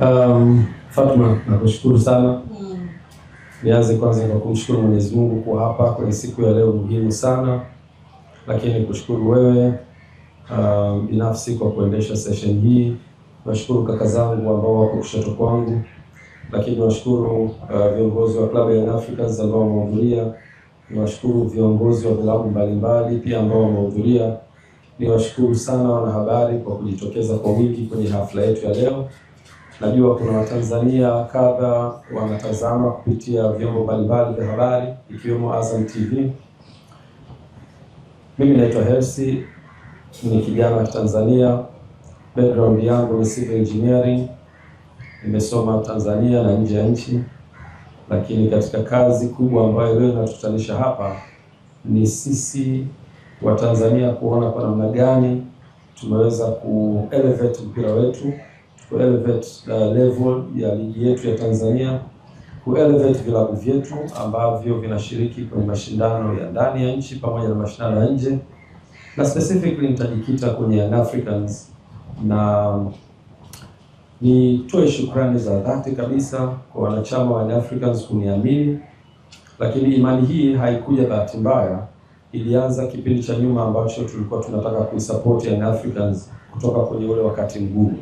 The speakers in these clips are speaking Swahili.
Um, Fatma, nakushukuru sana. Hmm. Nianze kwanza kwa kumshukuru Mwenyezi Mungu kwa hapa kwenye siku ya leo muhimu sana, lakini kushukuru wewe um, binafsi kwa kuendesha session hii. Nashukuru kaka zangu ambao wako kushoto kwangu, lakini nashukuru uh, viongozi wa klabu ya Young Africans ambao wamehudhuria. Niwashukuru viongozi wa vilabu mbalimbali pia ambao wamehudhuria. Niwashukuru sana wanahabari kwa kujitokeza kwa wingi kwenye hafla yetu ya leo. Najua kuna Watanzania kadha wanatazama kupitia vyombo mbalimbali vya habari ikiwemo Azam TV. Mimi naitwa Hersi, ni kijana wa Tanzania. Background yangu ni civil engineering, nimesoma Tanzania na nje ya nchi, lakini katika kazi kubwa ambayo leo inatutanisha hapa ni sisi wa Tanzania kuona kwa namna gani tumeweza elevate mpira wetu ku elevate uh, level ya ligi yetu ya Tanzania, ku elevate vilabu vyetu ambavyo vinashiriki kwenye mashindano ya ndani ya nchi pamoja na mashindano ya nje, na specifically nitajikita kwenye Young Africans na um, nitoe shukrani za dhati kabisa kwa wanachama wa Young Africans kuniamini, lakini imani hii haikuja bahati mbaya, ilianza kipindi cha nyuma ambacho tulikuwa tunataka kuisupport Young Africans kutoka kwenye ule wakati mgumu.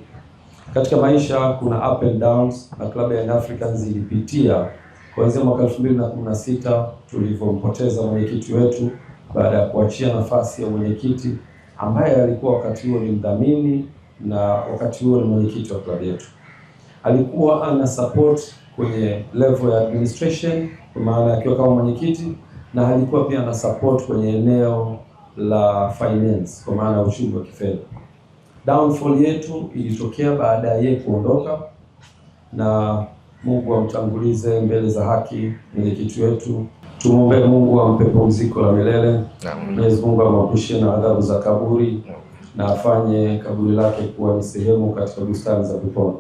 Katika maisha kuna up and downs, na klabu ya Young Africans ilipitia kuanzia mwaka 2016 tulivyompoteza mwenyekiti wetu baada ya kuachia nafasi ya mwenyekiti ambaye alikuwa wakati huo ni mdhamini na wakati huo ni mwenyekiti wa klabu yetu. Alikuwa ana support kwenye level ya administration, kwa maana akiwa kama mwenyekiti, na alikuwa pia ana support kwenye eneo la finance, kwa maana ya ushuru wa kifedha. Downfall yetu ilitokea baada ya yeye kuondoka, na Mungu amtangulize mbele za haki mwenyekiti wetu. Tumwombe Mungu ampe pumziko la milele, Mwenyezi Mungu amwepushe na adhabu za kaburi na afanye kaburi lake kuwa ni sehemu katika bustani za peponi.